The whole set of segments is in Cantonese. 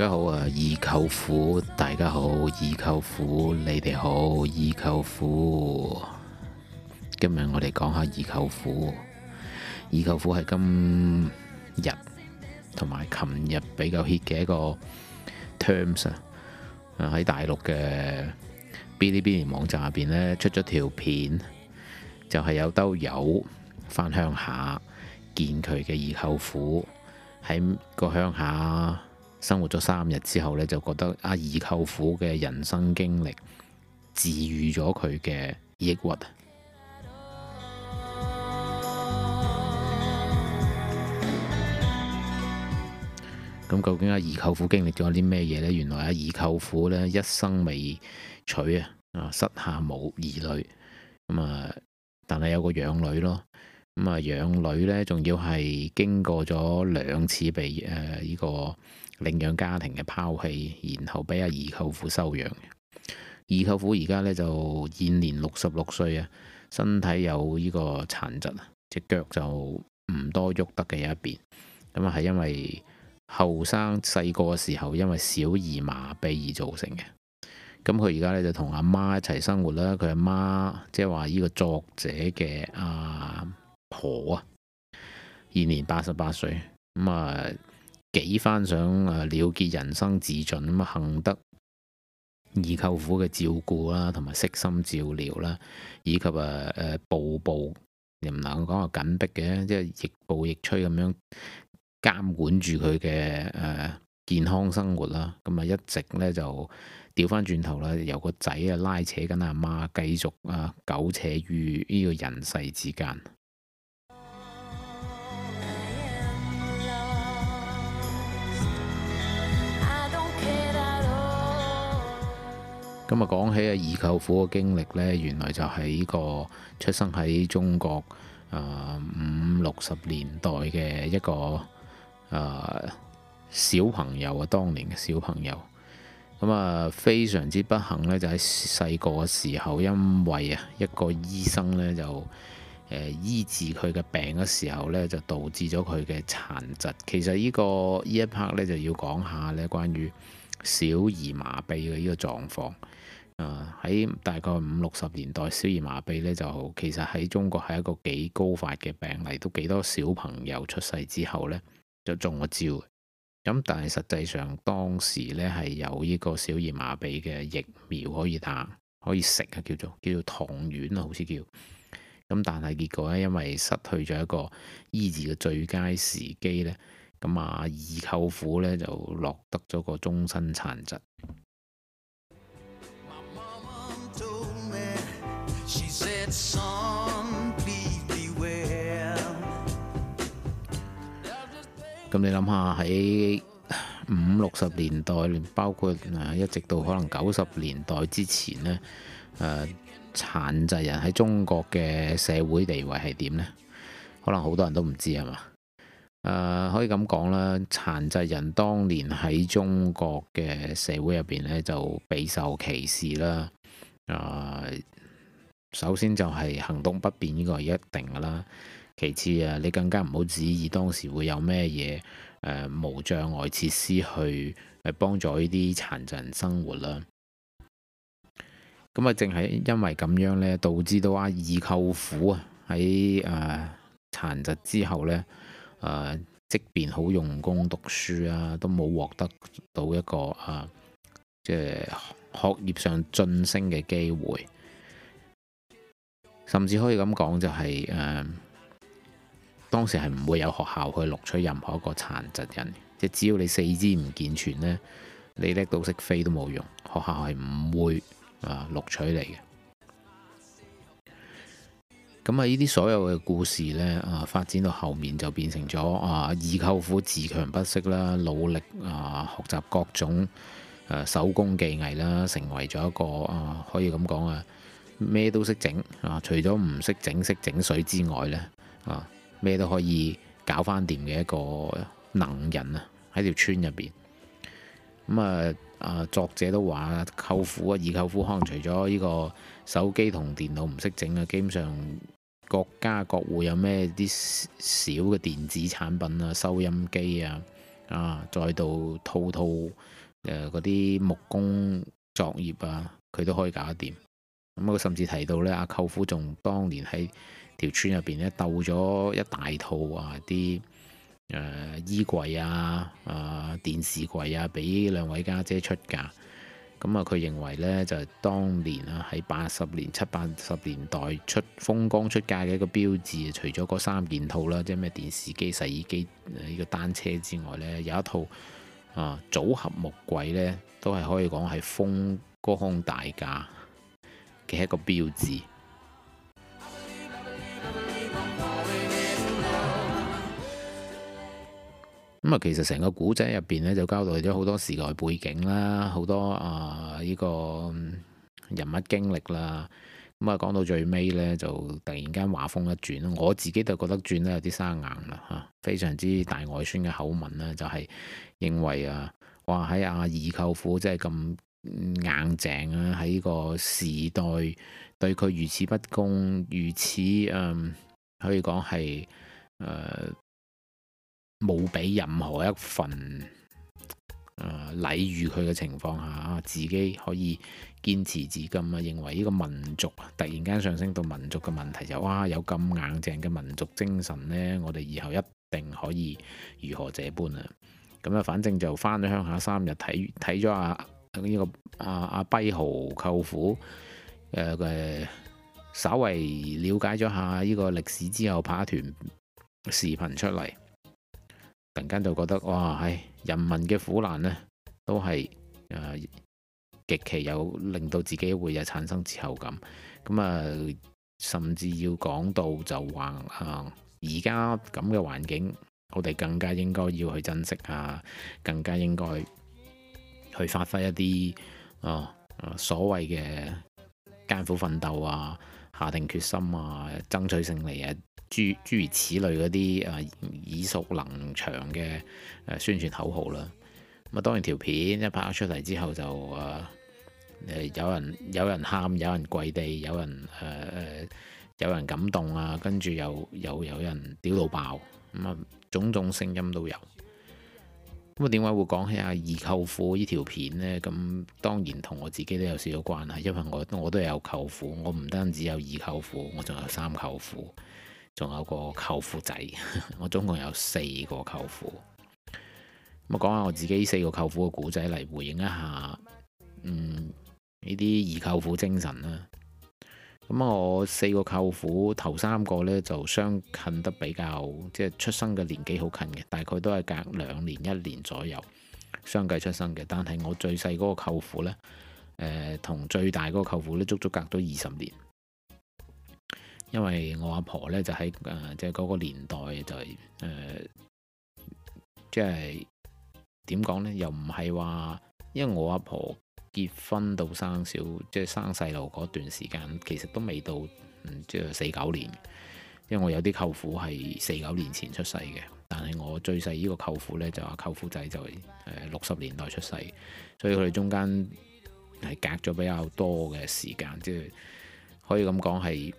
大家好啊！二舅父，大家好，二舅父，你哋好，二舅父。今日我哋講下二舅父。二舅父係今日同埋琴日比較 hit 嘅一個 terms 啊！喺大陸嘅 Bilibili 網站入邊呢，出咗條片，就係、是、有兜友返鄉下見佢嘅二舅父喺個鄉下，生活咗三日之後呢就覺得阿二舅父嘅人生經歷治愈咗佢嘅抑鬱。咁 究竟阿二舅父經歷咗啲咩嘢呢？原來阿二舅父呢一生未娶啊，啊，膝下冇兒女咁啊，但係有個養女咯。咁、嗯、啊，養女呢仲要係經過咗兩次被誒呢、呃這個。領養家庭嘅拋棄，然後俾阿二舅父收養。二舅父而家呢，就現年六十六歲啊，身體有呢個殘疾啊，隻腳就唔多喐得嘅一邊。咁啊，係因為後生細個嘅時候，因為小兒麻痹而造成嘅。咁佢而家呢，就同阿媽，媽一齊生活啦。佢阿媽即係話呢個作者嘅阿、啊、婆啊，現年八十八歲。咁啊。幾番想誒了結人生自盡，咁啊，幸得二舅父嘅照顧啦，同埋悉心照料啦，以及誒誒步步又唔能夠講話緊迫嘅，即係亦步亦趨咁樣監管住佢嘅誒健康生活啦。咁啊一直咧，就調翻轉頭啦，由個仔啊拉扯緊阿媽，繼續啊苟且於呢個人世之間。咁啊，講起啊二舅父嘅經歷呢，原來就係依個出生喺中國五六十年代嘅一個小朋友啊，當年嘅小朋友。咁啊、呃，非常之不幸呢就喺細個嘅時候，因為啊一個醫生呢，就誒醫、呃、治佢嘅病嘅時候呢，就導致咗佢嘅殘疾。其實、這個、呢個依一 part 呢就要講下呢關於小兒麻痹嘅呢個狀況。啊！喺大概五六十年代，小兒麻痹咧就其實喺中國係一個幾高發嘅病例，都幾多小朋友出世之後呢，就中咗招。咁但係實際上當時呢係有呢個小兒麻痹嘅疫苗可以打，可以食啊叫做叫做糖丸啊，好似叫。咁但係結果呢，因為失去咗一個醫治嘅最佳時機呢，咁啊二舅父呢就落得咗個終身殘疾。咁你諗下喺五六十年代，包括一直到可能九十年代之前呢，誒、呃，殘疾人喺中國嘅社會地位係點呢？可能好多人都唔知係嘛，呃。可以咁講啦，殘疾人當年喺中國嘅社會入邊呢，就備受歧視啦，呃首先就係行動不便呢個係一定噶啦。其次啊，你更加唔好指意當時會有咩嘢誒無障礙設施去誒幫助呢啲殘疾人生活啦。咁啊，正係因為咁樣呢，導致到啊，二舅父啊喺誒殘疾之後呢，呃、即便好用功讀書啊，都冇獲得到一個啊即係學業上晉升嘅機會。甚至可以咁講、就係，就係誒，當時係唔會有學校去錄取任何一個殘疾人，即只要你四肢唔健全呢，你叻到識飛都冇用，學校係唔會啊錄、呃、取你嘅。咁、呃、啊，呢啲所有嘅故事呢，啊、呃，發展到後面就變成咗啊，二、呃、舅父自強不息啦，努力啊、呃、學習各種、呃、手工技藝啦、呃，成為咗一個啊、呃，可以咁講啊。呃咩都識整啊！除咗唔識整識整水之外呢，啊咩都可以搞翻掂嘅一個能人啊！喺條村入邊咁啊啊！作者都話：舅父啊，二舅父可能除咗呢個手機同電腦唔識整啊，基本上各家各戶有咩啲小嘅電子產品啊、收音機啊啊，再到套套嗰啲、啊、木工作業啊，佢都可以搞得掂。咁佢甚至提到咧，阿舅父仲當年喺條村入邊咧，鬥咗一大套啊，啲衣櫃啊，啊電視櫃啊，俾、呃、兩位家姐，姐出嫁。咁、嗯、啊，佢認為呢，就係、是、當年啊，喺八十年、七八十年代出風光出嫁嘅一個標誌。除咗嗰三件套啦，即係咩電視機、洗衣機、呢、這個單車之外呢，有一套啊、呃、組合木櫃呢，都係可以講係風光大嫁。嘅一個標誌。咁啊，其實成個古仔入邊咧，就交代咗好多時代背景啦，好多啊依、呃這個人物經歷啦。咁啊，講到最尾呢，就突然間畫風一轉，我自己就覺得轉得有啲生硬啦嚇。非常之大外孫嘅口吻咧，就係、是、認為啊，話喺阿二舅父真係咁。硬淨啊！喺呢個時代對佢如此不公，如此誒、嗯，可以講係誒冇俾任何一份誒禮遇佢嘅情況下、啊，自己可以堅持至今啊,啊！認為呢個民族突然間上升到民族嘅問題就哇、啊、有咁硬淨嘅民族精神呢，我哋以後一定可以如何這般啊！咁啊，反正就翻咗鄉下三日睇睇咗啊！喺呢、這個、啊、阿阿跛豪舅父誒嘅，啊、稍微了解咗下呢個歷史之後，拍一段視頻出嚟，突然間就覺得哇，係、哎、人民嘅苦難呢，都係誒、啊、極其有令到自己會有產生自豪感。咁、嗯、啊，甚至要講到就話啊，而家咁嘅環境，我哋更加應該要去珍惜啊，更加應該。去發揮一啲啊，啊所謂嘅艱苦奮鬥啊、下定決心啊、爭取勝利啊、諸諸如此類嗰啲啊耳熟能詳嘅、啊啊、宣傳口號啦、啊。咁啊當然條片一拍出嚟之後就啊，啊有人有人喊、有人跪地、有人誒誒、啊啊、有人感動啊，跟住又又有人屌到爆咁啊，種種聲音都有。咁啊，點解會講起阿二舅父呢條片呢？咁當然同我自己都有少少關係，因為我我都有舅父，我唔單止有二舅父，我仲有三舅父，仲有個舅父仔，我總共有四個舅父。咁啊，講下我自己四個舅父嘅故仔嚟回應一下，嗯，呢啲二舅父精神啦。咁我四個舅父頭三個呢，就相近得比較，即係出生嘅年紀好近嘅，大概都係隔兩年一年左右相繼出生嘅。但係我最細嗰個舅父呢，誒、呃、同最大嗰個舅父呢，足足隔咗二十年，因為我阿婆呢，就喺誒即係嗰個年代就係、係、誒，即係點講呢？又唔係話，因為我阿婆，結婚到生小，即係生細路嗰段時間，其實都未到，嗯、即係四九年。因為我有啲舅父係四九年前出世嘅，但係我最細呢個舅父呢，就阿、是、舅父仔就係六十年代出世，所以佢哋中間係隔咗比較多嘅時間，即、就、係、是、可以咁講係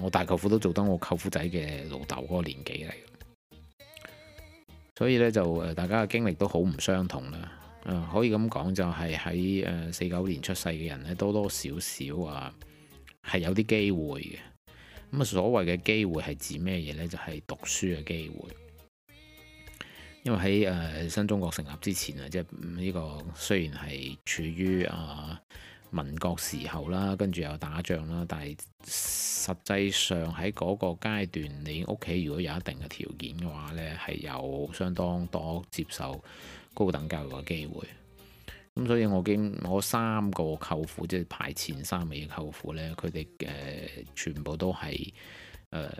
我大舅父都做得我舅父仔嘅老豆嗰個年紀嚟，所以呢，就、呃、大家嘅經歷都好唔相同啦。可以咁講就係喺誒四九年出世嘅人咧，多多少少啊係有啲機會嘅。咁啊，所謂嘅機會係指咩嘢呢？就係、是、讀書嘅機會。因為喺誒新中國成立之前啊，即係呢個雖然係處於啊，民國時候啦，跟住又打仗啦，但係實際上喺嗰個階段，你屋企如果有一定嘅條件嘅話呢，係有相當多接受高等教育嘅機會。咁所以我，我經我三個舅父，即係排前三位嘅舅父呢，佢哋誒全部都係、呃、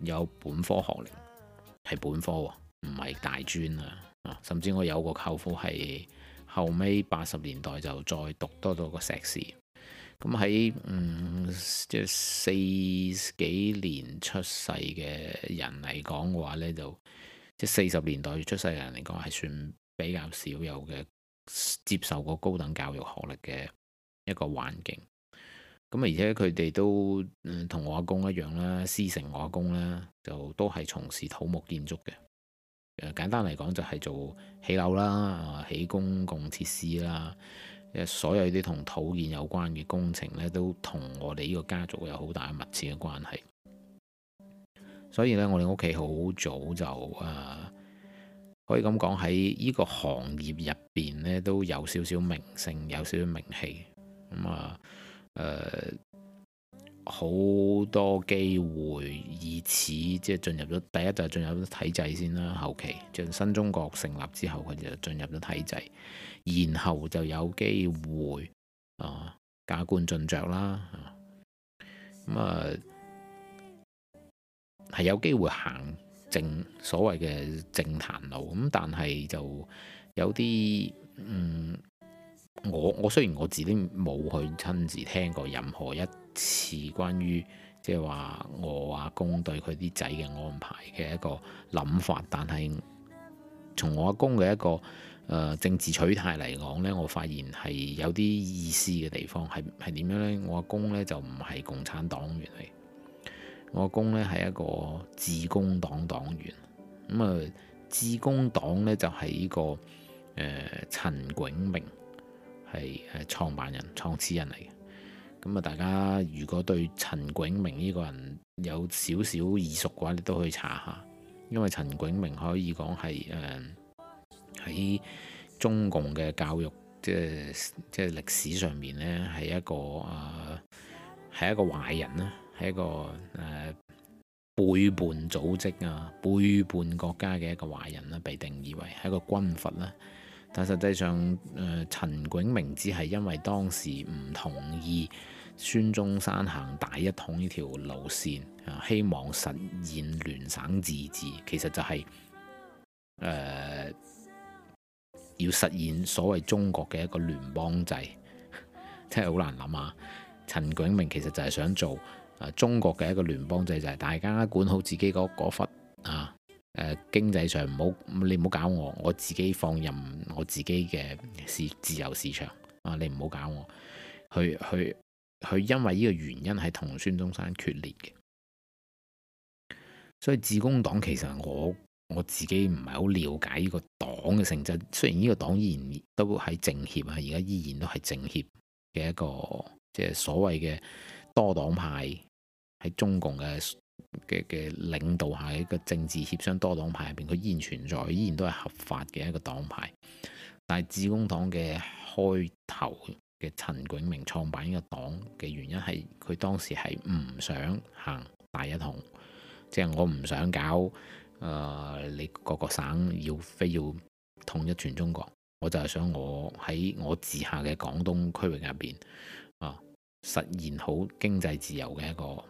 有本科學歷，係本科，唔係大專啊。甚至我有個舅父係。後尾八十年代就再讀多咗個碩士，咁喺，嗯，即係四幾年出世嘅人嚟講嘅話呢，就即係四十年代出世嘅人嚟講，係算比較少有嘅接受過高等教育學歷嘅一個環境。咁而且佢哋都同、嗯、我阿公一樣啦，師承我阿公啦，就都係從事土木建築嘅。誒，簡單嚟講就係做起樓啦，起公共設施啦，所有啲同土建有關嘅工程呢，都同我哋呢個家族有好大密切嘅關係。所以呢，我哋屋企好早就誒、啊，可以咁講，喺呢個行業入邊呢，都有少少名聲，有少少名氣。咁、嗯、啊，呃好多機會，以此即係進入咗。第一就係進入咗體制先啦。後期自新中國成立之後，佢就進入咗體制，然後就有機會啊加官進爵啦。咁啊，係、啊啊、有機會行正所謂嘅政壇路。咁、啊、但係就有啲嗯，我我雖然我自己冇去親自聽過任何一。係關於即係話我阿公對佢啲仔嘅安排嘅一個諗法，但係從我阿公嘅一個誒、呃、政治取態嚟講呢，我發現係有啲意思嘅地方，係係點樣呢？我阿公呢就唔係共產黨員嚟，我阿公呢係一個致公黨黨員。咁、嗯、啊，致公黨呢就係、是、依個誒、呃、陳炯明係誒創辦人、創始人嚟。咁啊！大家如果對陳炯明呢個人有少少耳熟嘅話，你都可以查下，因為陳炯明可以講係誒喺中共嘅教育即係即係歷史上面咧，係一個啊係、呃、一個壞人啦，係一個誒、呃、背叛組織啊、背叛國家嘅一個壞人啦，被定義為係一個軍閥啦。但實際上誒，陳、呃、炯明只係因為當時唔同意。孫中山行大一統呢條路線啊，希望實現聯省自治，其實就係、是、誒、呃、要實現所謂中國嘅一個聯邦制，真係好難諗啊。陳炯明其實就係想做啊中國嘅一個聯邦制，就係、是、大家管好自己嗰嗰忽啊誒、啊、經濟上唔好你唔好搞我，我自己放任我自己嘅市自由市場啊，你唔好搞我去去。去。佢因為呢個原因係同孫中山決裂嘅，所以致公黨其實我我自己唔係好了解呢個黨嘅性質。雖然呢個黨依然都喺政協啊，而家依然都係政協嘅一個即係、就是、所謂嘅多黨派喺中共嘅嘅嘅領導下一個政治協商多黨派入邊，佢依然存在，依然都係合法嘅一個黨派。但係致公黨嘅開頭嘅陳炯明創辦嘅黨嘅原因係佢當時係唔想行大一統，即係我唔想搞誒你各個省要非要統一全中國，我就係想我喺我治下嘅廣東區域入邊啊實現好經濟自由嘅一個、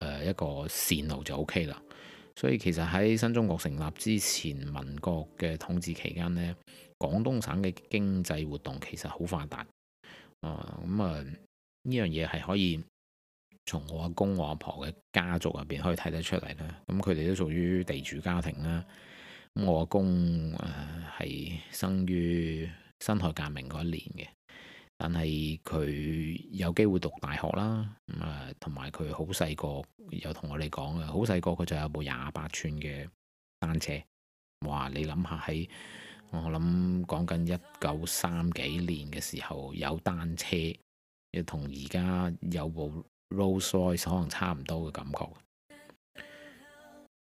呃、一個線路就 O K 啦。所以其實喺新中國成立之前，民國嘅統治期間呢。廣東省嘅經濟活動其實好發達啊，咁啊呢樣嘢係可以從我阿公、我阿婆嘅家族入邊可以睇得出嚟啦。咁佢哋都屬於地主家庭啦。咁、嗯、我阿公誒係、嗯、生於辛亥革命嗰一年嘅，但係佢有機會讀大學啦。咁、嗯、啊，同埋佢好細個，有同我哋講啊，好細個佢就有部廿八寸嘅單車。哇，你諗下喺～我諗講緊一九三幾年嘅時候有單車，要同而家有部 Rolls-Royce 可能差唔多嘅感覺。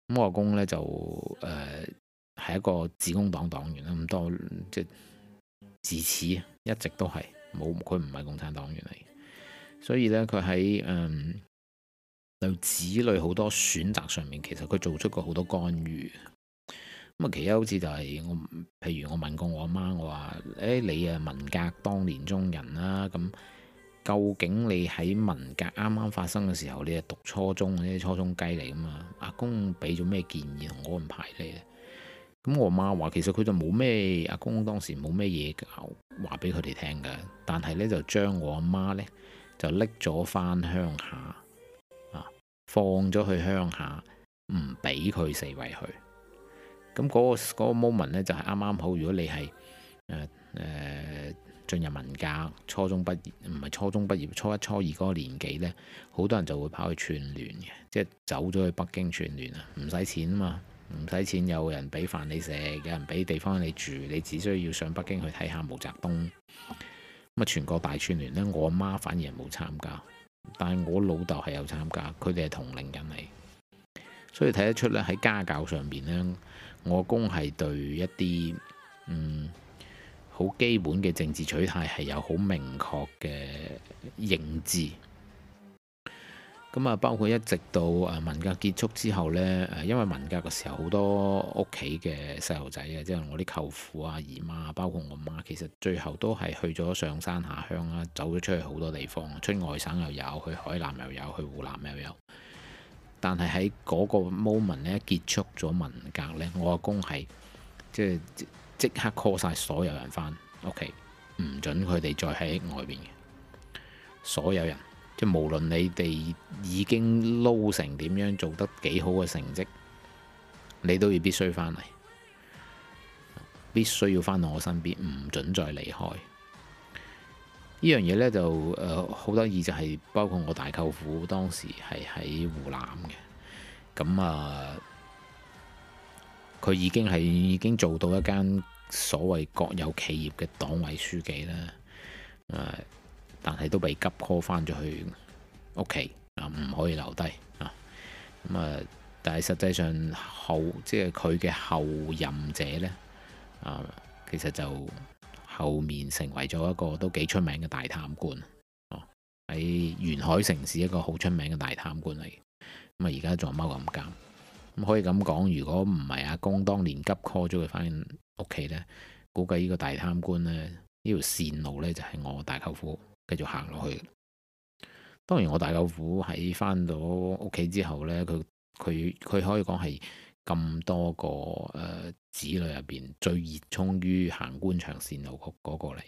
咁 我阿公呢，就誒係、呃、一個自工黨黨員啦，咁多，即自此一直都係冇佢唔係共產黨員嚟，所以呢，佢喺誒對子女好多選擇上面，其實佢做出過好多干預。咁啊，其實好似就係我，譬如我問過我阿媽，我話，誒、哎，你啊，文革當年中人啦，咁究竟你喺文革啱啱發生嘅時候，你係讀初中，啲初中雞嚟噶嘛？阿公俾咗咩建議同安排你咧？咁我媽話，其實佢就冇咩，阿公當時冇咩嘢教，話俾佢哋聽噶，但係呢，就將我阿媽呢，就拎咗返鄉下，啊，放咗去鄉下，唔俾佢四圍去。咁嗰個嗰個 moment 呢，就係啱啱好。如果你係誒進入文革，初中畢業，唔係初中畢業，初一初二嗰個年紀呢，好多人就會跑去串聯嘅，即係走咗去北京串聯啊，唔使錢啊嘛，唔使錢，有人俾飯你食，有人俾地方你住，你只需要上北京去睇下毛澤東。咁啊，全國大串聯呢，我媽反而冇參加，但係我老豆係有參加，佢哋係同齡人嚟，所以睇得出咧喺家教上面呢。我公係對一啲嗯，好基本嘅政治取態係有好明確嘅認知，咁啊包括一直到啊文革結束之後呢，誒因為文革嘅時候好多屋企嘅細路仔啊，即係我啲舅父啊、姨媽、啊、包括我媽，其實最後都係去咗上山下鄉啦、啊，走咗出去好多地方，出外省又有，去海南又有，去湖南又有。但係喺嗰個 moment 咧，結束咗文革呢，我阿公係即即刻 call 晒所有人返屋企，唔准佢哋再喺外邊嘅。所有人即係無論你哋已經撈成點樣，做得幾好嘅成績，你都要必須返嚟，必須要返到我身邊，唔准再離開。呢樣嘢咧就誒好得意，就係、呃就是、包括我大舅父當時係喺湖南嘅，咁啊，佢、呃、已經係已經做到一間所謂國有企業嘅黨委書記啦、呃，但係都被急 call 返咗去屋企啊，唔、呃、可以留低啊，咁啊，但係實際上後即係佢嘅後任者呢，啊、呃，其實就～後面成為咗一個都幾出名嘅大貪官，哦，喺沿海城市一個好出名嘅大貪官嚟，咁啊而家仲踎緊監，咁，嗯，可以咁講，如果唔係阿公當年急 call 咗佢返屋企呢，估計呢個大貪官呢，呢條線路呢，就係我大舅父繼續行落去。當然我大舅父喺返到屋企之後呢，佢佢佢可以講係。咁多個子女入邊最熱衷於行官場線路嗰嗰個嚟，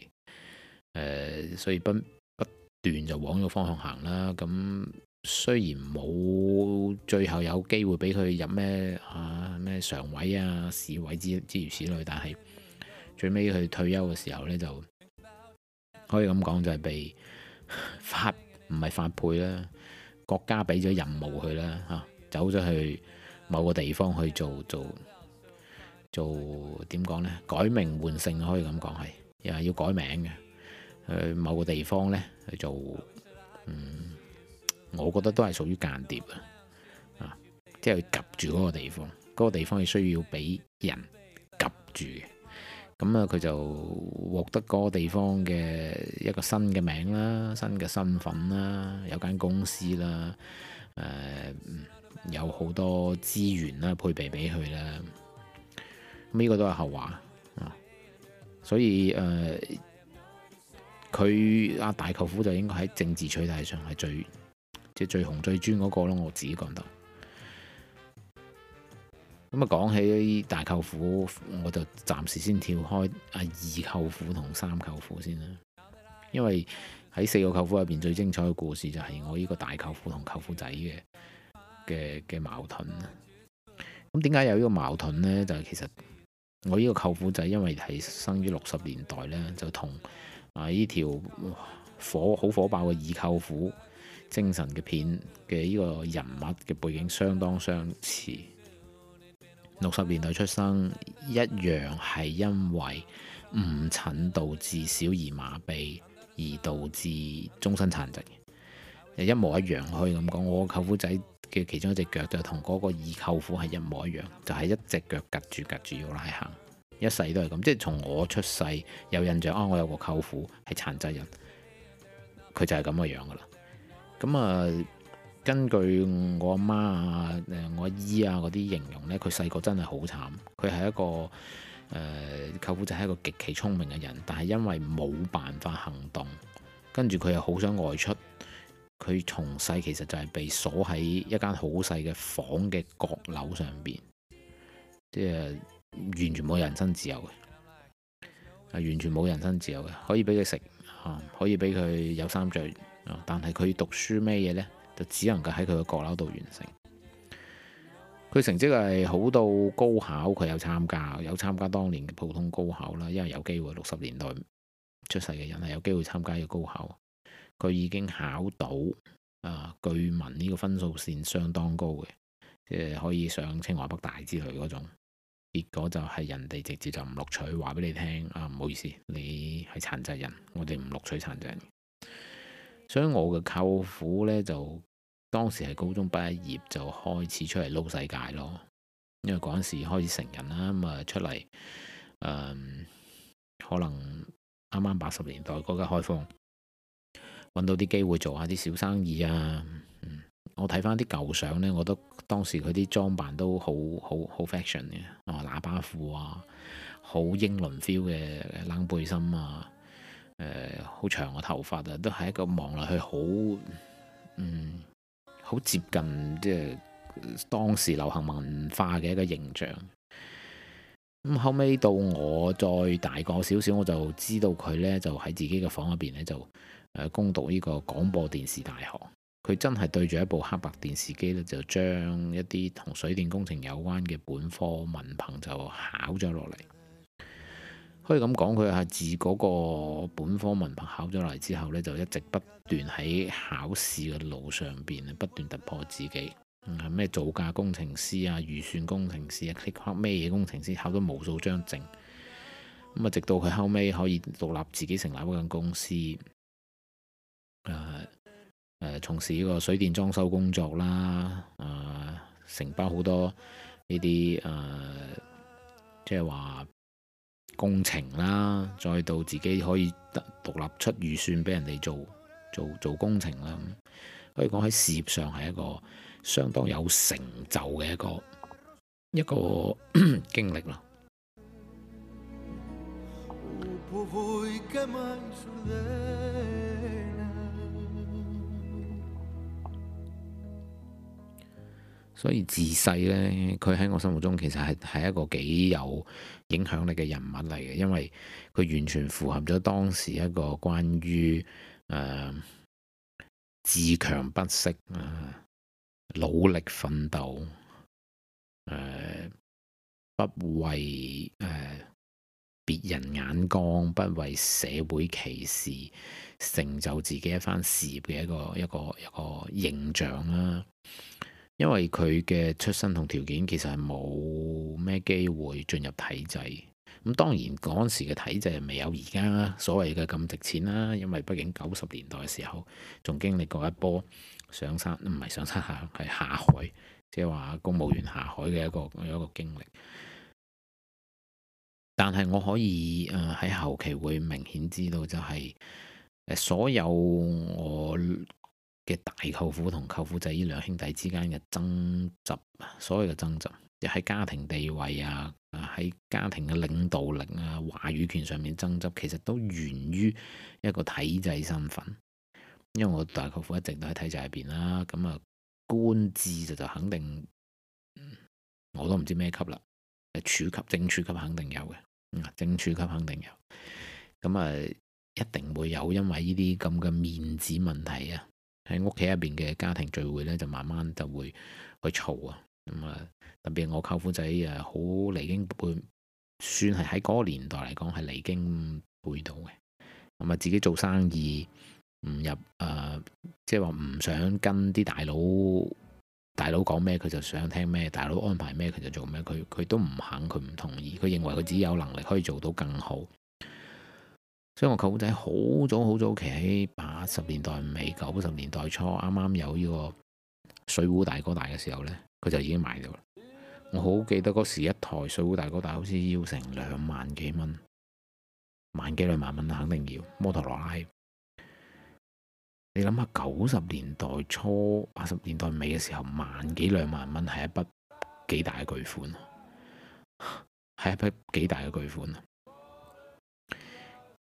呃，所以不不斷就往呢個方向行啦。咁雖然冇最後有機會俾佢入咩啊咩常委啊、市委之之如此類，但係最尾佢退休嘅時候呢，就可以咁講，就係被發唔係發配啦，國家俾咗任務佢啦，吓走咗去，某個地方去做做做點講呢？改名換姓可以咁講係，又係要改名嘅。去某個地方呢，去做，嗯、我覺得都係屬於間諜啊！啊，即係夾住嗰個地方，嗰、嗰個地方係需要俾人夾住，咁啊佢就獲得嗰個地方嘅一個新嘅名啦、新嘅身份啦、有間公司啦，誒、啊。有好多資源啦，配備俾佢啦。呢、這個都係後話。啊、所以誒，佢、呃、阿大舅父就應該喺政治取態上係最即係最紅最專嗰、那個咯。我自己講到。咁、嗯、啊，講起大舅父，我就暫時先跳開阿二舅父同三舅父先啦。因為喺四個舅父入邊最精彩嘅故事就係我呢個大舅父同舅父仔嘅。嘅嘅矛盾，咁點解有呢個矛盾呢？就係其實我呢個舅父仔，因為係生於六十年代呢，就同啊呢條火好火爆嘅二舅父精神嘅片嘅呢個人物嘅背景相當相似。六十年代出生一樣係因為誤診導致小兒麻痹而導致終身殘疾。一模一樣可以咁講。我個舅父仔。嘅其中一隻腳就同嗰個二舅父係一模一樣，就係、是、一隻腳隔住隔住要拉行，一世都係咁。即係從我出世有印象啊、哦，我有個舅父係殘疾人，佢就係咁嘅樣㗎喇。咁啊、呃，根據我阿媽啊、呃、我姨啊嗰啲形容呢，佢細個真係好慘。佢係一個誒、呃、舅父就係一個極其聰明嘅人，但係因為冇辦法行動，跟住佢又好想外出。佢從細其實就係被鎖喺一間好細嘅房嘅閣樓上邊，即係完全冇人身自由嘅，完全冇人身自由嘅。可以俾佢食，可以俾佢有衫着，但係佢讀書咩嘢呢？就只能夠喺佢嘅閣樓度完成。佢成績係好到高考，佢有參加，有參加當年嘅普通高考啦，因為有機會六十年代出世嘅人係有機會參加嘅高考。佢已經考到啊，據聞呢個分數線相當高嘅，即係可以上清華北大之類嗰種。結果就係人哋直接就唔錄取，話俾你聽啊，唔好意思，你係殘疾人，我哋唔錄取殘疾人。所以我嘅舅父呢，就當時係高中畢業就開始出嚟撈世界咯，因為嗰陣時開始成人啦，咁啊出嚟、嗯，可能啱啱八十年代嗰、嗰個家開放。搵到啲機會做下啲小生意啊！嗯、我睇翻啲舊相呢，我都當時佢啲裝扮都好好好 fashion 嘅、哦，喇叭褲啊，好英倫 feel 嘅冷背心啊，好、呃、長嘅頭髮啊，都係一個望落去好好、嗯、接近即係當時流行文化嘅一個形象。咁、嗯、後尾到我再大個少少，我就知道佢呢就喺自己嘅房入邊呢就。誒，攻讀呢個廣播電視大學，佢真係對住一部黑白電視機呢就將一啲同水電工程有關嘅本科文憑就考咗落嚟。可以咁講，佢係自嗰個本科文憑考咗落嚟之後呢就一直不斷喺考試嘅路上邊不斷突破自己。係咩造價工程師啊、預算工程師啊、咩嘢工程師考咗無數張證咁啊，直到佢後尾可以獨立自己成立嗰間公司。誒、呃、從事呢個水電裝修工作啦，誒、呃，承包好多呢啲誒，即係話工程啦，再到自己可以得獨立出預算俾人哋做做做工程啦，可以講喺事業上係一個相當有成就嘅一個一個 經歷啦。 所以自細咧，佢喺我心目中其實係係一個幾有影響力嘅人物嚟嘅，因為佢完全符合咗當時一個關於、呃、自強不息、呃、努力奮鬥、呃、不為、呃、別人眼光、不為社會歧視，成就自己一番事業嘅一個一個一個，一個形象啦、啊。因為佢嘅出身同條件，其實係冇咩機會進入體制。咁當然嗰時嘅體制係未有而家所謂嘅咁值錢啦，因為畢竟九十年代嘅時候，仲經歷過一波上山，唔係上山下，係下海，即係話公務員下海嘅一個有一個經歷。但係我可以誒喺，呃，後期會明顯知道，就係，就係所有我。嘅大舅父同舅父仔呢兩兄弟之間嘅爭執，所謂嘅爭執，亦喺家庭地位啊，啊喺家庭嘅領導力啊、話語權上面爭執，其實都源於一個體制身份。因為我大舅父一直都喺體制入邊啦，咁啊官職就就肯定，我都唔知咩級啦，處級、正處級肯定有嘅，正處級肯定有。咁啊，一定會有，因為呢啲咁嘅面子問題啊。喺屋企入邊嘅家庭聚會呢，就慢慢就會去嘈啊。咁、嗯、啊，特別我舅父仔啊，好離經背，算係喺嗰個年代嚟講係離經背道嘅。咁、嗯、啊，自己做生意唔入誒，即係話唔想跟啲大佬，大佬講咩，佢就想聽咩，大佬安排咩，佢就做咩。佢，佢都唔肯，佢唔同意，佢認為佢自己有能力可以做到更好。所以我舅仔好早好早期喺八十年代尾、九十年代初啱啱有呢個水壺大哥大嘅時候呢，佢就已經買咗。我好記得嗰時一台水壺大哥大，好似要成兩萬幾蚊，萬幾兩萬蚊肯定要摩托羅拉。你諗下九十年代初、八十年代尾嘅時候，萬幾兩萬蚊係一筆幾大嘅巨款啊！係一筆幾大嘅巨款啊！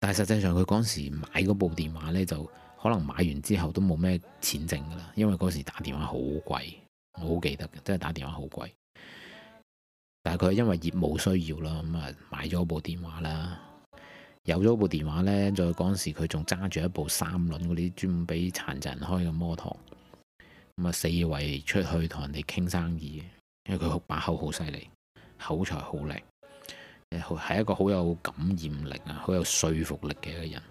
但係實際上佢嗰時買嗰部電話呢，就可能買完之後都冇咩錢剩㗎啦，因為嗰時打電話好貴，我好記得嘅，真係打電話好貴。但係佢因為業務需要啦，咁啊買咗部電話啦，有咗部電話呢，在嗰時佢仲揸住一部三輪嗰啲專門俾殘疾人開嘅摩托，咁啊四圍出去同人哋傾生意，因為佢把口好犀利，口才好叻。係一個好有感染力啊，好有說服力嘅一個人，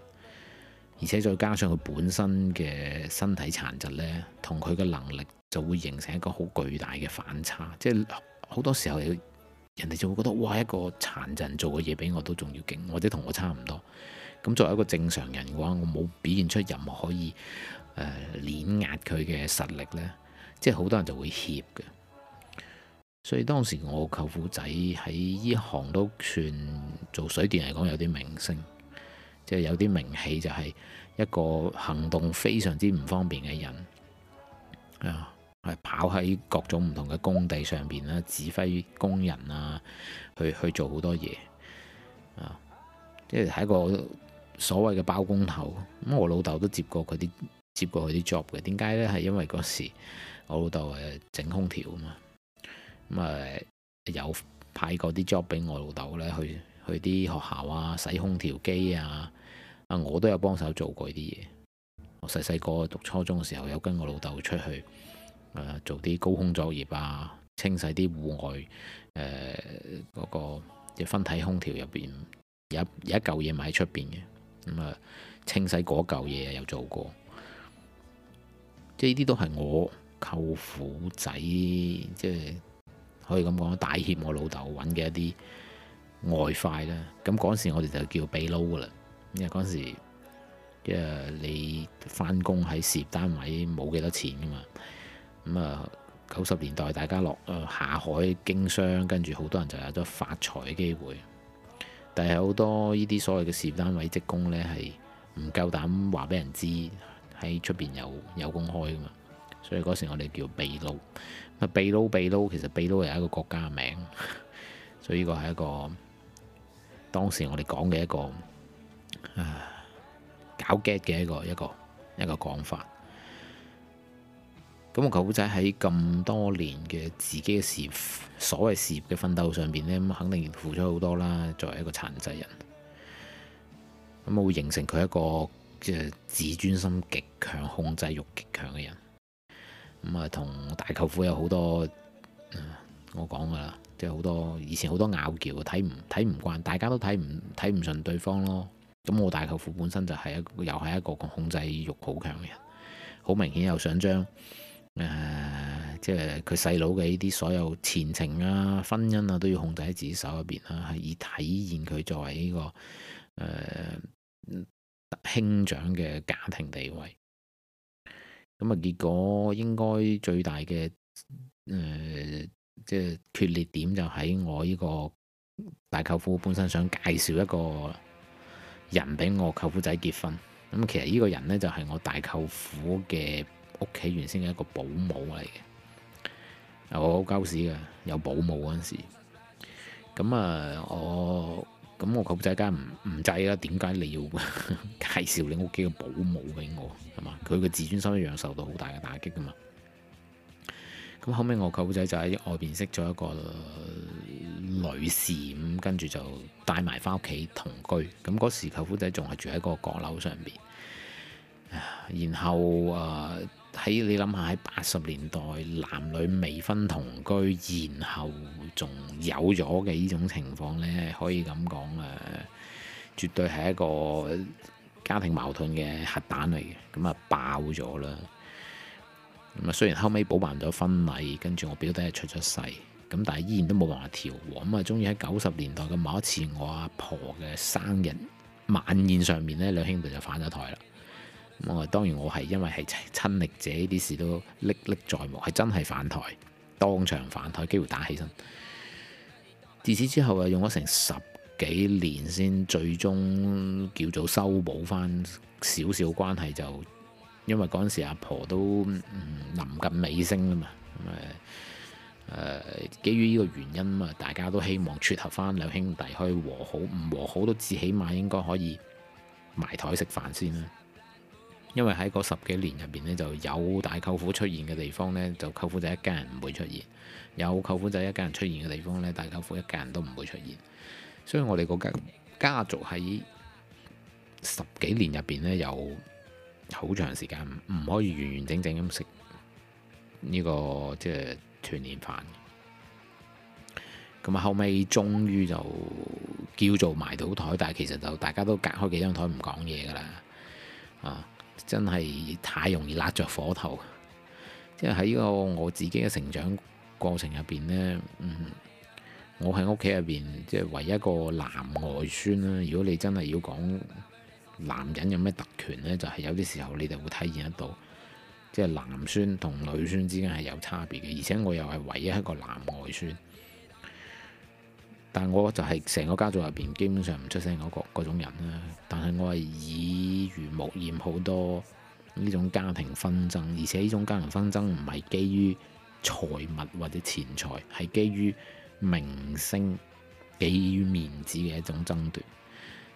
而且再加上佢本身嘅身體殘疾呢，同佢嘅能力就會形成一個好巨大嘅反差，即係好多時候人哋就會覺得，哇，一個殘疾人做嘅嘢比我都仲要勁，或者同我差唔多。咁作為一個正常人嘅話，我冇表現出任何可以誒碾壓佢嘅實力呢，即係好多人就會怯嘅。所以當時我舅父仔喺呢行都算做水電嚟講有啲名聲，即係有啲名氣，就係一個行動非常之唔方便嘅人啊，係跑喺各種唔同嘅工地上邊啦，指揮工人啊，去去做好多嘢，即係係一個所謂嘅包工頭。咁我老豆都接過佢啲接過佢啲 job 嘅，點解呢？係因為嗰時我老豆誒整空調啊嘛。咁啊、嗯，有派過啲 job 俾我老豆咧，去去啲學校啊，洗空調機啊，啊，我都有幫手做過啲嘢。我細細個讀初中嘅時候，有跟我老豆出去，嗯、做啲高空作業啊，清洗啲戶外誒嗰、嗯嗰個分體空調入邊，有一嚿嘢埋喺出邊嘅，咁啊、嗯，清洗嗰嚿嘢有做過，即係呢啲都係我舅父仔，即係。可以咁講，大欠我老豆揾嘅一啲外快咧。咁嗰陣時，我哋就叫俾撈噶啦。因為嗰陣時，即係你翻工喺事業單位冇幾多錢噶嘛。咁、嗯、啊，九十年代大家落下，下海經商，跟住好多人就有咗發財嘅機會。但係好多呢啲所謂嘅事業單位職工呢，係唔夠膽話俾人知喺出邊有有公開噶嘛。所以嗰時我哋叫秘魯，咁啊秘魯秘魯，秘魯其實秘魯又係一個國家嘅名，所以呢個係一個當時我哋講嘅一個搞 gag 嘅一個一個一個講法。咁個狗仔喺咁多年嘅自己嘅事業，所謂事業嘅奮鬥上邊呢，肯定付出好多啦。作為一個殘疾人，咁啊會形成佢一個嘅、即係、自尊心極強、控制欲極強嘅人。咁啊，同、嗯、大舅父有好多，嗯、我講噶啦，即係好多以前好多拗撬，睇唔睇唔慣，大家都睇唔睇唔順對方咯。咁、嗯、我大舅父本身就係一個又係一個控制欲好強嘅人，好明顯又想將誒、呃、即係佢細佬嘅呢啲所有前程啊、婚姻啊都要控制喺自己手入邊啦，係以體現佢作為呢、呢個誒、呃、兄長嘅家庭地位。咁啊，結果應該最大嘅誒、呃，即係決裂點就喺我呢個大舅父本身想介紹一個人俾我舅父仔結婚。咁、嗯、其實呢個人呢，就係、是、我大舅父嘅屋企原先嘅一個保姆嚟嘅，我好鳩屎嘅，有保姆嗰陣時。咁、嗯、啊，我。咁我舅仔梗係唔唔制啦，點解你要 介紹你屋企嘅保姆俾我？係嘛，佢嘅自尊心一樣受到好大嘅打擊噶嘛。咁後尾我舅仔就喺外邊識咗一個、呃、女士，咁跟住就帶埋翻屋企同居。咁嗰時舅父仔仲係住喺個閣樓上邊，然後啊～、呃喺你諗下，喺八十年代男女未婚同居，然後仲有咗嘅呢種情況呢，可以咁講誒，絕對係一個家庭矛盾嘅核彈嚟嘅，咁啊爆咗啦！咁、嗯、啊，雖然後尾補辦咗婚禮，跟住我表弟出咗世，咁但係依然都冇辦法調和，咁、嗯、啊，終於喺九十年代嘅某一次我阿婆嘅生日晚宴上面呢，兩兄弟就反咗台啦。我當然我係因為係親歷者，呢啲事都歷歷在目，係真係反台，當場反台，幾乎打起身。自此之後，又用咗成十幾年，先最終叫做修補翻少少關係。就因為嗰陣時阿婆都臨近尾聲啦嘛，咁啊誒，基於呢個原因啊嘛，大家都希望撮合翻兩兄弟可以和好，唔和好都至起碼應該可以埋台食飯先啦。因為喺嗰十幾年入邊呢，就有大舅父出現嘅地方呢，就舅父仔一家人唔會出現；有舅父仔一家人出現嘅地方呢，大舅父一家人都唔會出現。所以我哋個家，家族喺十幾年入邊呢，有好長時間唔可以完完整整咁食呢個即係團年飯。咁、就、啊、是，後尾終於就叫做埋到台，但係其實就大家都隔開幾張台唔講嘢噶啦，真係太容易辣着火頭，即係喺呢個我自己嘅成長過程入邊呢，嗯，我喺屋企入邊即係唯一一個男外孫啦。如果你真係要講男人有咩特權呢，就係有啲時候你就會體現得到，即係男孫同女孫之間係有差別嘅，而且我又係唯一一個男外孫。但我就係成個家族入邊基本上唔出聲嗰個嗰種人啦。但係我係耳濡目染好多呢種家庭紛爭，而且呢種家庭紛爭唔係基於財物或者錢財，係基於名聲、基於面子嘅一種爭奪。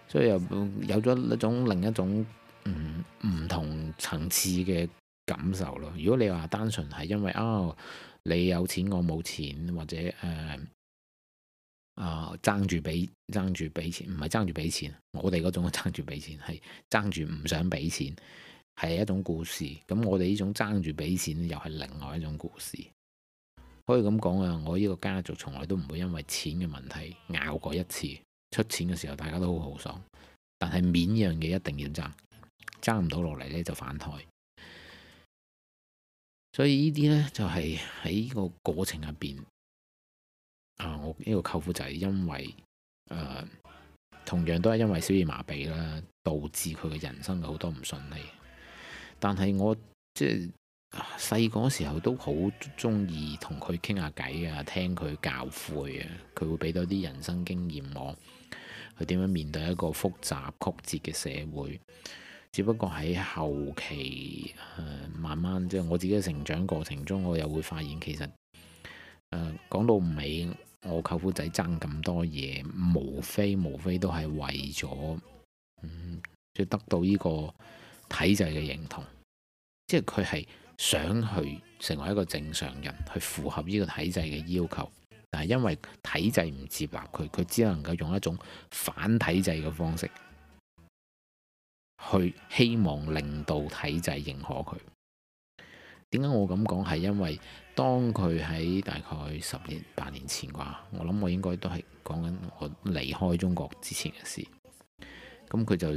所以又有咗一種另一種唔唔同層次嘅感受咯。如果你話單純係因為啊、哦，你有錢我冇錢或者誒。呃啊、呃，爭住俾爭住俾錢，唔係爭住俾錢。我哋嗰種爭住俾錢係爭住唔想俾錢，係一種故事。咁我哋呢種爭住俾錢又係另外一種故事。可以咁講啊，我呢個家族從來都唔會因為錢嘅問題拗過一次。出錢嘅時候大家都好豪爽，但係面呢樣嘢一定要爭，爭唔到落嚟呢就反台。所以呢啲呢就係、是、喺個過程入邊。啊！我呢個舅父仔因為誒、呃，同樣都係因為小兒麻痹啦，導致佢嘅人生有好多唔順利。但係我即係細個時候都好中意同佢傾下偈啊，聽佢教誨啊，佢會俾到啲人生經驗我，佢點樣面對一個複雜曲折嘅社會。只不過喺後期誒、呃，慢慢即係、就是、我自己嘅成長過程中，我又會發現其實誒講、呃、到唔起。我舅父仔爭咁多嘢，無非無非都係為咗，嗯，得到呢個體制嘅認同，即係佢係想去成為一個正常人，去符合呢個體制嘅要求，但係因為體制唔接納佢，佢只能夠用一種反體制嘅方式，去希望令到體制認可佢。點解我咁講？係因為當佢喺大概十年八年前啩，我諗我應該都係講緊我離開中國之前嘅事。咁佢就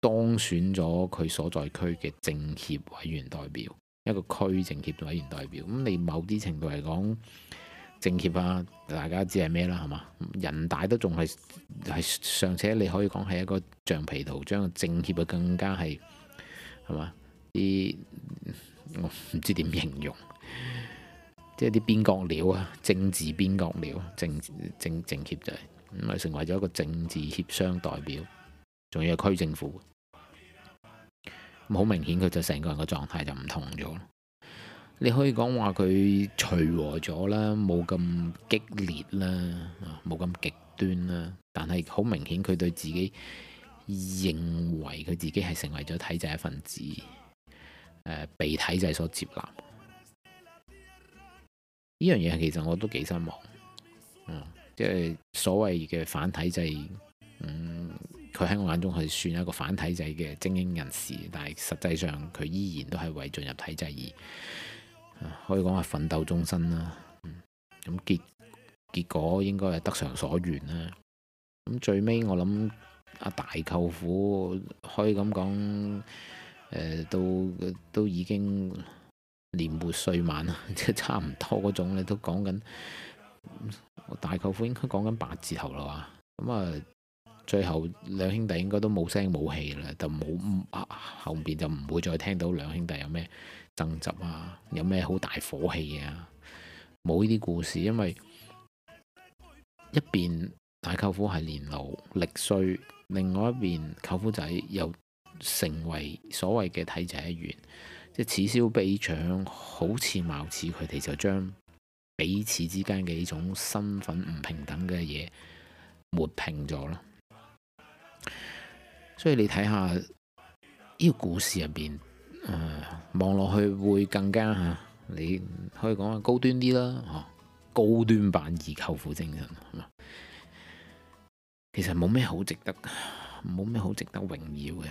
當選咗佢所在區嘅政協委員代表，一個區政協委員代表。咁你某啲程度嚟講，政協啊，大家知係咩啦，係嘛？人大都仲係係尚且，你可以講係一個橡皮圖章。個政協啊，更加係係嘛啲。我唔知點形容，即係啲邊角料啊，政治邊角料，政政政協就係成為咗一個政治協商代表，仲要係區政府，好明顯佢就成個人嘅狀態就唔同咗。你可以講話佢緩和咗啦，冇咁激烈啦，冇咁極端啦，但係好明顯佢對自己認為佢自己係成為咗體制一份子。被體制所接納，呢樣嘢其實我都幾失望。嗯，即係所謂嘅反體制，嗯，佢喺我眼中係算一個反體制嘅精英人士，但係實際上佢依然都係為進入體制而、嗯，可以講係奮鬥終身啦。咁、嗯、結結果應該係得償所願啦。咁最尾我諗阿大舅父可以咁講。誒、呃、都都已經年末歲晚啦，即 係差唔多嗰種咧，都講緊大舅父應該講緊八字頭啦嘛。咁、嗯、啊、嗯，最後兩兄弟應該都冇聲冇氣啦，就冇、啊、後邊就唔會再聽到兩兄弟有咩爭執啊，有咩好大火氣嘅啊，冇呢啲故事，因為一邊大舅父係年老力衰，另外一邊舅父仔又。成為所謂嘅體制一員，即係此消彼長，好似貌似佢哋就將彼此之間嘅呢種身份唔平等嘅嘢抹平咗啦。所以你睇下呢、呢個故事入邊，望、啊、落去會更加吓，你可以講下高端啲啦，哦、啊，高端版二舅父精神，啊、其實冇咩好值得，冇咩好值得榮耀嘅。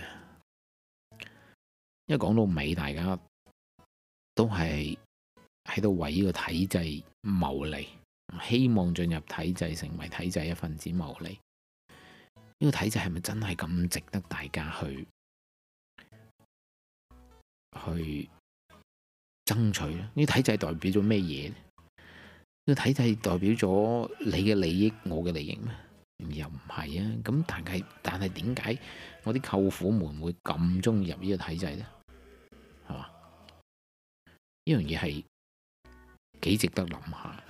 因為講到尾，大家都係喺度為呢個體制謀利，希望進入體制，成為體制一份子謀利。呢個體制係咪真係咁值得大家去去爭取呢？呢個體制代表咗咩嘢？呢個體制代表咗你嘅利益，我嘅利益咩？又唔係啊？咁但係但係點解我啲舅父們會咁中意入呢個體制呢？呢樣嘢係幾值得諗下，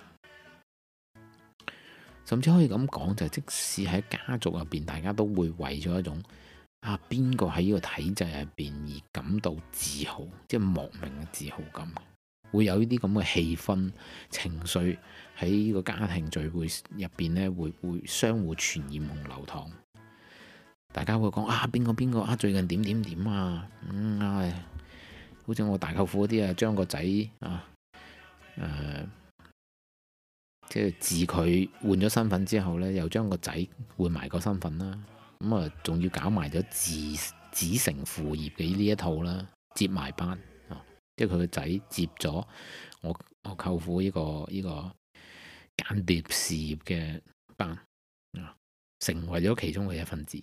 甚至可以咁講，就即使喺家族入邊，大家都會為咗一種啊邊個喺呢個體制入邊而感到自豪，即係莫名嘅自豪感，會有呢啲咁嘅氣氛情緒喺呢個家庭聚會入邊呢，會會相互傳染同流淌，大家會講啊邊個邊個啊最近點點點啊，嗯係。哎好似我大舅父嗰啲啊，將個仔啊，誒，即係自佢換咗身份之後呢，又將個仔換埋個身份啦。咁啊，仲要搞埋咗子子承父業嘅呢一套啦，接埋班啊，即係佢個仔接咗我我舅父呢個呢個間諜事業嘅班，啊，成為咗其中嘅一份子。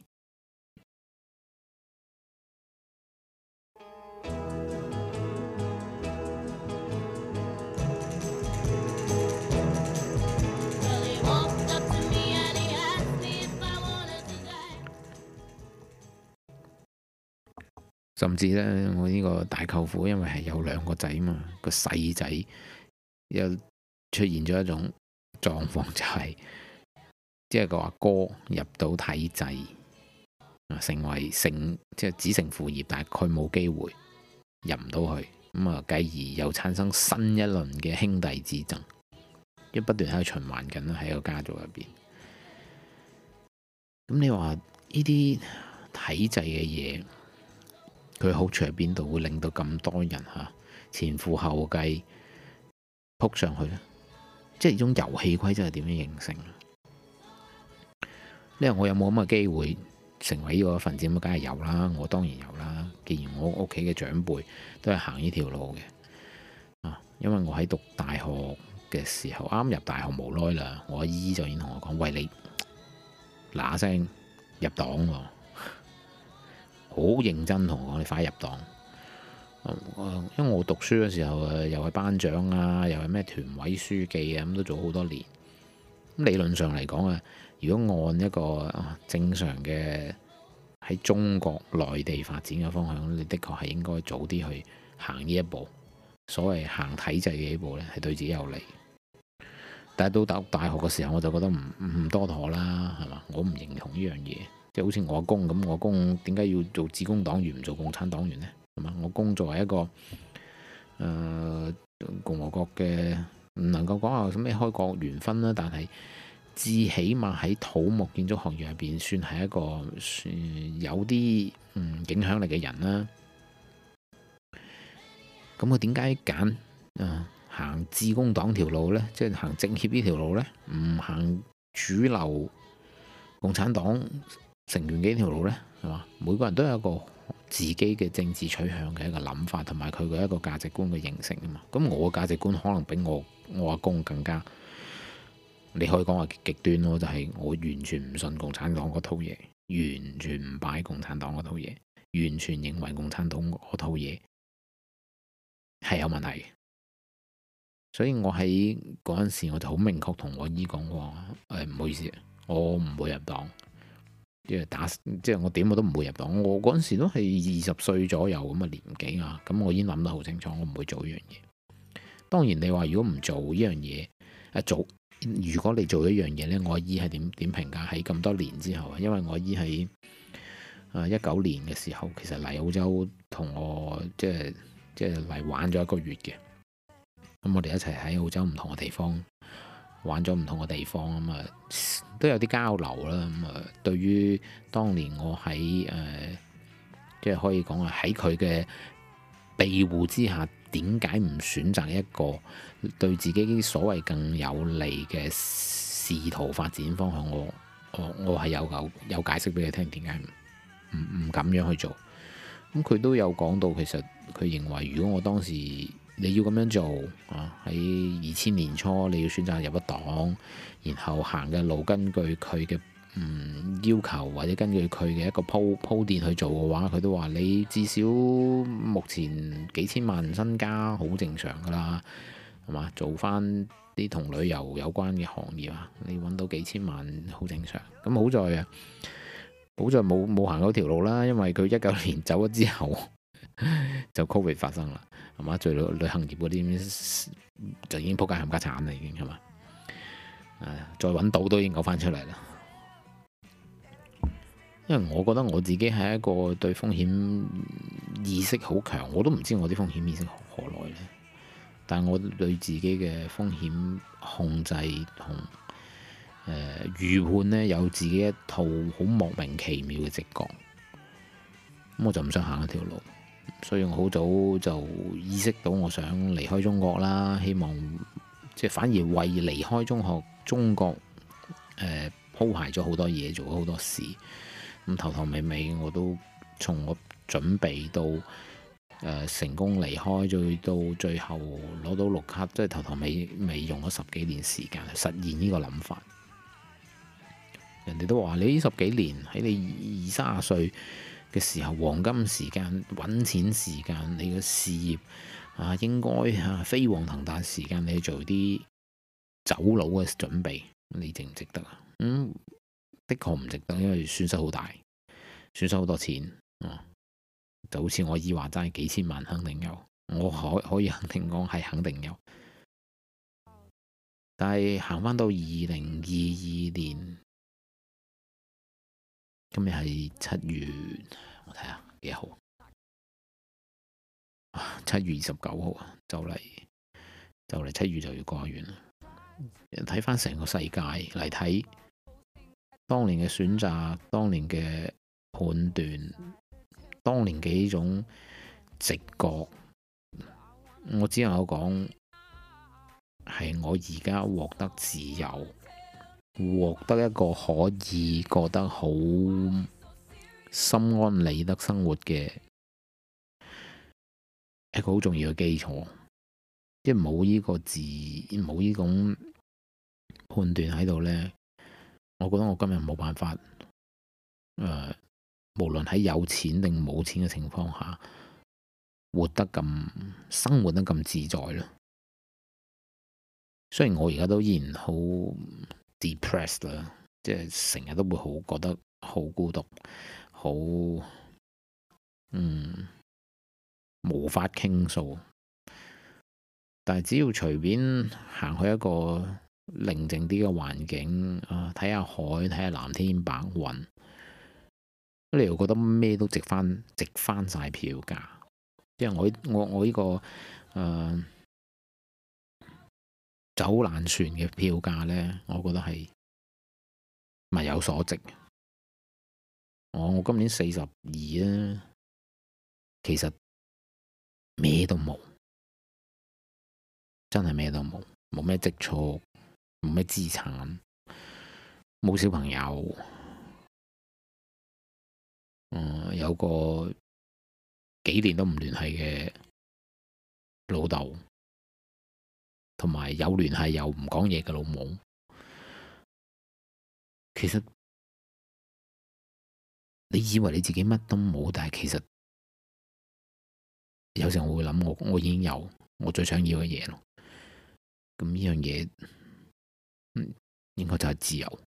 甚至呢，我呢個大舅父，因為係有兩個仔嘛，個細仔又出現咗一種狀況，就是，就係即係佢話哥入到體制啊，成為成即係子承父業，但係佢冇機會入唔到去，咁啊繼而又產生新一輪嘅兄弟之爭，不斷一不斷喺度循環緊喺個家族入邊。咁你話呢啲體制嘅嘢，佢好處喺邊度？會令到咁多人嚇、啊、前赴後繼撲上去呢，即係呢種遊戲規則係點樣形成？呢個我有冇咁嘅機會成為呢個份子？咁梗係有啦，我當然有啦。既然我屋企嘅長輩都係行呢條路嘅，啊、因為我喺讀大學嘅時候啱入大學無耐啦，我阿姨就已經同我講，喂，你嗱聲入黨喎！好認真同我哋快入黨，因為我讀書嘅時候誒，又係班長啊，又係咩團委書記啊，咁都做好多年。理論上嚟講啊，如果按一個正常嘅喺中國內地發展嘅方向，你的確係應該早啲去行呢一步。所謂行體制嘅一步呢，係對自己有利。但係到大學嘅時候，我就覺得唔唔多妥啦，係嘛？我唔認同呢樣嘢。即係好似我阿公咁，我阿公點解要做自工黨員唔做共產黨員呢？咁啊，我公作為一個誒、呃、共和國嘅，唔能夠講話咩開國元勳啦，但係至起碼喺土木建築行業入邊算係一個算有啲影響力嘅人啦。咁佢點解揀誒行自工黨條路呢？即係行政協呢條路呢？唔行主流共產黨？成員幾條路呢？係嘛？每個人都有一個自己嘅政治取向嘅一個諗法，同埋佢嘅一個價值觀嘅形成啊嘛。咁我價值觀可能比我我阿公更加，你可以講話極端咯。就係、是、我完全唔信共產黨嗰套嘢，完全唔擺共產黨嗰套嘢，完全認為共產黨嗰套嘢係有問題。所以我喺嗰陣時，我就好明確同我姨講過：，誒、哎，唔好意思，我唔會入黨。即係打，即係我點我都唔會入黨。我嗰陣時都係二十歲左右咁嘅年紀啊，咁我已經諗得好清楚，我唔會做呢樣嘢。當然，你話如果唔做呢樣嘢，一、啊、做，如果你做咗一樣嘢呢，我阿姨係點點評價喺咁多年之後啊？因為我阿姨喺一九年嘅時候，其實嚟澳洲同我即係即係嚟玩咗一個月嘅，咁我哋一齊喺澳洲唔同嘅地方，玩咗唔同嘅地方啊嘛，都有啲交流啦。咁、嗯、啊，對於當年我喺誒、呃，即係可以講話喺佢嘅庇護之下，點解唔選擇一個對自己啲所謂更有利嘅仕途發展方向？我我我係有有有解釋俾你聽，點解唔唔唔咁樣去做？咁、嗯、佢都有講到，其實佢認為如果我當時你要咁樣做，喺二千年初你要選擇入一檔，然後行嘅路根據佢嘅嗯要求，或者根據佢嘅一個鋪鋪墊去做嘅話，佢都話你至少目前幾千萬身家好正常㗎啦，係嘛？做翻啲同旅遊有關嘅行業啊，你揾到幾千萬好正常。咁好在啊，好在冇冇行嗰條路啦，因為佢一九年走咗之後 就 Covid 發生啦。係嘛？在旅旅行業嗰啲就已經撲街冚家鏟啦，已經係嘛？唉，再搵到都已經救翻出嚟啦。因為我覺得我自己係一個對風險意識好強，我都唔知我啲風險意識何來呢。但我對自己嘅風險控制同誒、呃、預判呢，有自己一套好莫名其妙嘅直覺。咁我就唔想行一條路。所以我好早就意識到我想離開中國啦，希望即係反而為離開中學中國誒鋪、呃、排咗好多嘢，做咗好多事。咁、嗯、頭頭尾尾我都從我準備到、呃、成功離開，再到最後攞到綠卡，即係頭頭尾尾用咗十幾年時間去實現呢個諗法。人哋都話你呢十幾年喺你二,二三十歲。嘅時候，黃金時間揾錢時間，你個事業啊應該啊、飛黃騰達時間，你做啲走佬嘅準備，你值唔值得啊？咁、嗯、的確唔值得，因為損失好大，損失好多錢、嗯、就好似我以話賺幾千萬，肯定有，我可以可以肯定講係肯定有，但係行返到二零二二年。今日係七月，我睇下幾號？七月二十九號啊，就嚟就嚟七月就要過完啦。睇翻成個世界嚟睇，當年嘅選擇，當年嘅判斷，當年嘅呢種直覺，我只能夠講，係我而家獲得自由。獲得一個可以過得好心安理得生活嘅一個好重要嘅基礎，即係冇呢個自，冇呢種判斷喺度呢，我覺得我今日冇辦法誒、呃，無論喺有錢定冇錢嘅情況下，活得咁，生活得咁自在咯。雖然我而家都依然好。depressed 啦，即係成日都會好覺得好孤獨，好，嗯，無法傾訴。但係只要隨便行去一個寧靜啲嘅環境啊，睇下海，睇下藍天白雲，你又覺得咩都值返，值返晒票價。因為我我我依、呢個誒。呃走爛船嘅票價呢，我覺得係物有所值。我今年四十二啦，其實咩都冇，真係咩都冇，冇咩積蓄，冇咩資產，冇小朋友，嗯，有個幾年都唔聯繫嘅老豆。同埋有聯繫又唔講嘢嘅老母，其實你以為你自己乜都冇，但係其實有時候我會諗，我我已經有我最想要嘅嘢咯。咁呢樣嘢，嗯，應該就係自由。